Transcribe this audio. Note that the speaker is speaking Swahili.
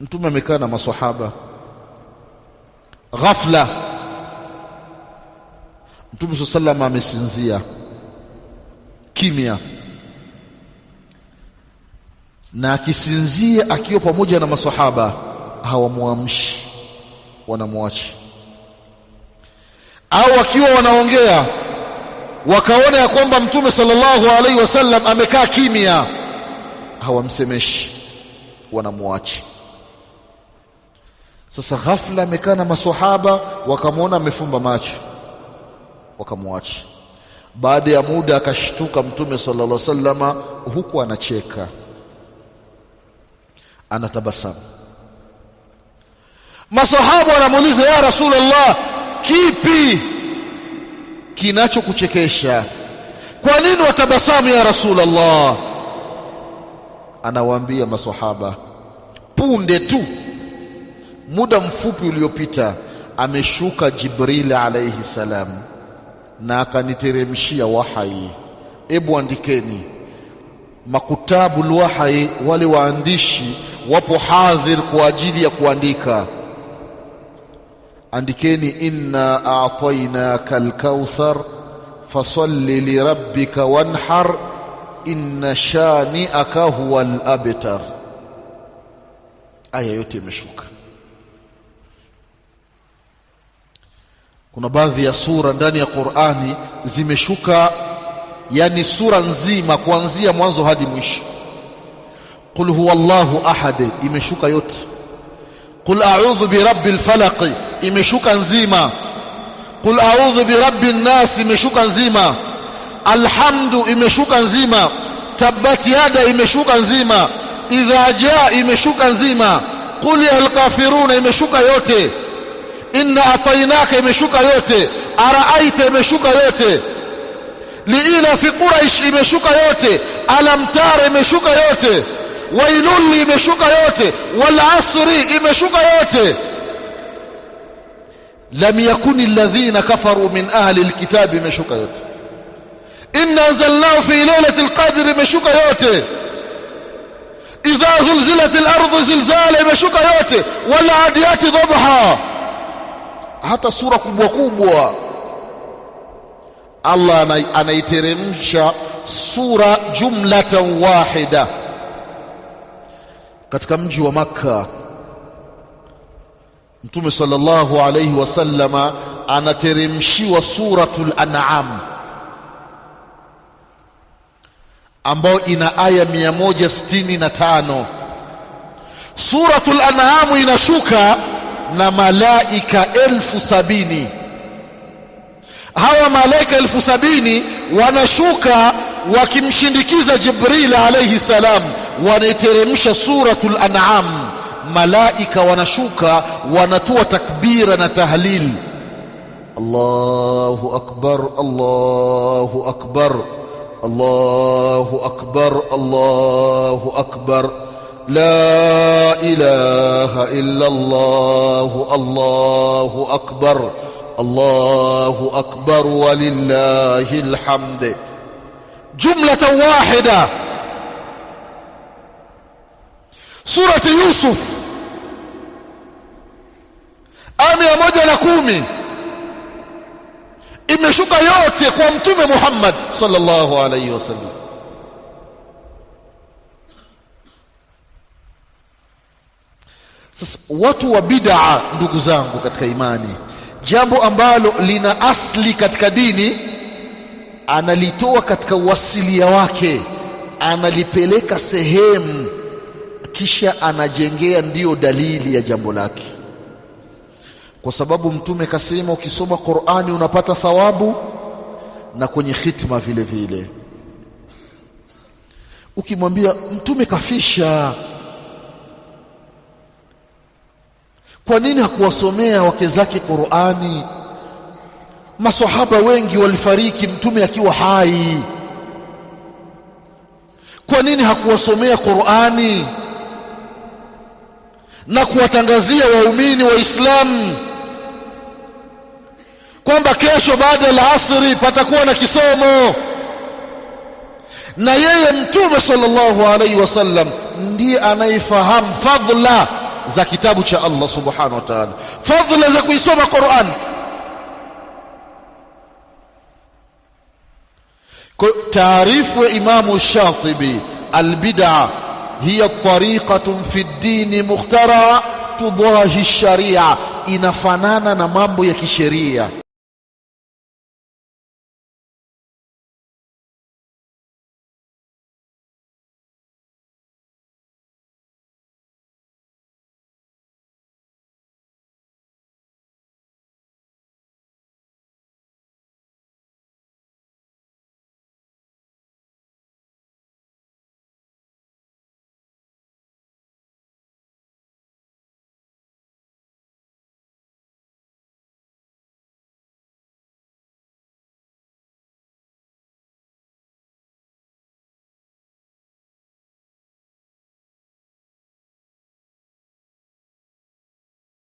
mtume amekaa na maswahaba ghafla mtume saa sallam amesinzia kimya na akisinzia akiwa pamoja na maswahaba hawamwamshi wanamwachi au akiwa wanaongea wakaona ya kwamba mtume sallallahu alaihi wasallam amekaa kimya hawamsemeshi wanamwachi sasa ghafla amekaa na maswahaba, wakamwona amefumba macho, wakamwacha. Baada ya muda akashtuka Mtume sallallahu alaihi wasallam, huku anacheka anatabasamu. Masahaba wanamuuliza ya Rasulullah, kipi kinachokuchekesha? Kwa nini watabasamu ya Rasulullah? Anawaambia masahaba, punde tu muda mfupi uliopita ameshuka Jibril alaihi salam na akaniteremshia wahai. Ebu andikeni makutabu wahai, wale waandishi wapo hadhir kwa ajili ya kuandika. Andikeni, inna a'tainaka alkauthar fasalli lirabbika wanhar inna shani'aka huwa al-abtar. Aya yote imeshuka. kuna baadhi ya sura ndani ya Qur'ani zimeshuka, yani sura nzima kuanzia mwanzo hadi mwisho. Qul huwallahu ahad imeshuka yote, Qul a'udhu birabbil falaq imeshuka nzima, Qul a'udhu birabbin nas imeshuka nzima, alhamdu imeshuka nzima, tabbat yada imeshuka nzima, idha jaa imeshuka nzima, Qul ya alkafiruna imeshuka yote inna atainaka imeshuka yote araaita imeshuka yote liila fi quraish imeshuka yote alamtara imeshuka yote wailuli imeshuka yote wal asri imeshuka yote lam yakuni alladhina kafaru min ahli alkitab imeshuka yote inna anzalnahu fi lailati alqadr imeshuka yote idha zulzilat alardu zilzala imeshuka yote wal adiyati dhabha hata sura kubwa kubwa Allah anaiteremsha sura jumlatan wahida katika mji wa Makka. Mtume sallallahu alayhi wasallama anateremshiwa suratul An'am ambayo ina aya 165. Suratul An'am inashuka na malaika elfu sabini hawa malaika elfu sabini wanashuka wakimshindikiza Jibril alayhi salam wanaiteremsha suratul an'am malaika wanashuka wanatua takbira na tahlil Allahu akbar Allahu akbar Allahu akbar Allahu akbar لا إله إلا الله الله أكبر الله أكبر ولله الحمد جملة واحدة سورة يوسف آم يا مجل لكومي إن شك يأتي قوامتم محمد صلى الله عليه وسلم Sasa watu wa bid'a, ndugu zangu katika imani, jambo ambalo lina asli katika dini analitoa katika uasilia wake, analipeleka sehemu, kisha anajengea ndiyo dalili ya jambo lake, kwa sababu Mtume kasema, ukisoma Qur'ani unapata thawabu na kwenye khitma vile vile. Ukimwambia Mtume kafisha Kwa nini hakuwasomea wake zake Qur'ani? Masahaba wengi walifariki mtume akiwa hai. Kwa nini hakuwasomea Qur'ani na kuwatangazia waumini Waislamu kwamba kesho baada ya asri patakuwa na kisomo? Na yeye mtume sallallahu alaihi wasallam ndiye anayefahamu fadhila za kitabu cha Allah subhanahu wa ta'ala, fadhila za kuisoma Qur'an. Kwa taarifu ya Imamu Shatibi, albid'a hiya tariqatun fi ddini mukhtara tudahi sharia, inafanana na mambo ya kisheria.